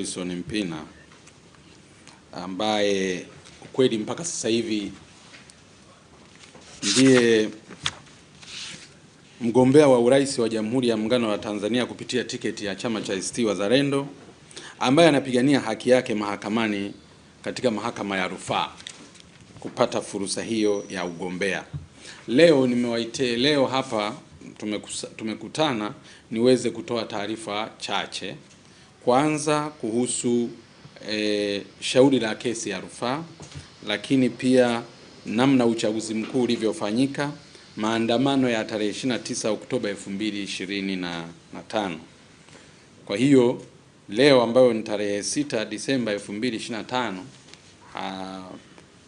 Wilson Mpina ambaye ukweli mpaka sasa hivi ndiye mgombea wa urais wa Jamhuri ya Muungano wa Tanzania kupitia tiketi ya chama cha ACT Wazalendo ambaye anapigania haki yake mahakamani katika mahakama ya rufaa kupata fursa hiyo ya ugombea. Leo nimewaite, leo hapa tumekutana niweze kutoa taarifa chache kwanza kuhusu e, shauri la kesi ya rufaa, lakini pia namna uchaguzi mkuu ulivyofanyika, maandamano ya tarehe 29 Oktoba 2025. Kwa hiyo leo ambayo ni tarehe 6 Disemba 2025, ah,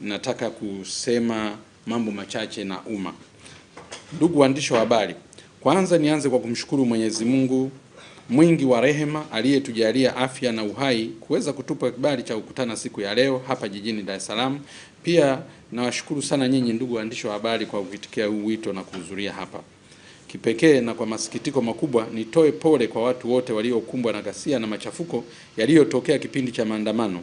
nataka kusema mambo machache na umma. Ndugu waandishi wa habari, kwanza nianze kwa kumshukuru Mwenyezi Mungu mwingi wa rehema aliyetujalia afya na uhai kuweza kutupa kibali cha kukutana siku ya leo hapa jijini Dar es Salaam. Pia nawashukuru sana nyinyi ndugu waandishi wa habari kwa kuitikia huu wito na kuhudhuria hapa. Kipekee na kwa masikitiko makubwa, nitoe pole kwa watu wote waliokumbwa na ghasia na machafuko yaliyotokea kipindi cha maandamano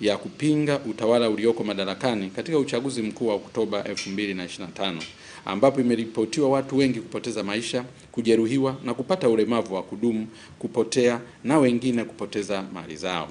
ya kupinga utawala ulioko madarakani katika uchaguzi mkuu wa Oktoba 2025 ambapo imeripotiwa watu wengi kupoteza maisha, kujeruhiwa na kupata ulemavu wa kudumu, kupotea na wengine kupoteza mali zao.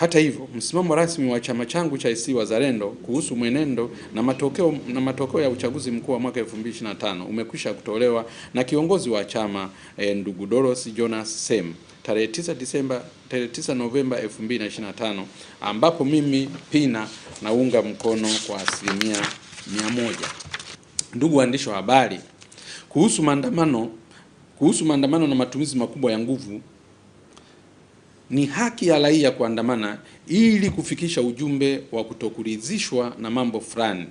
Hata hivyo, msimamo rasmi wa chama changu cha ACT Wazalendo kuhusu mwenendo na matokeo na matokeo ya uchaguzi mkuu wa mwaka 2025 umekwisha kutolewa na kiongozi wa chama e, ndugu Doros Jonas Sem tarehe 9 Disemba tarehe 9 Novemba 2025 ambapo mimi Pina naunga mkono kwa asilimia mia moja. Ndugu waandishi wa habari, kuhusu maandamano kuhusu maandamano na matumizi makubwa ya nguvu ni haki ya raia kuandamana ili kufikisha ujumbe wa kutokuridhishwa na mambo fulani,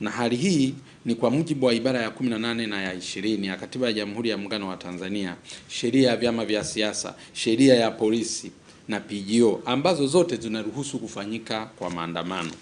na hali hii ni kwa mujibu wa ibara ya 18 na ya 20 ya Katiba ya Jamhuri ya Muungano wa Tanzania, sheria ya vyama vya siasa, sheria ya polisi na PGO ambazo zote zinaruhusu kufanyika kwa maandamano.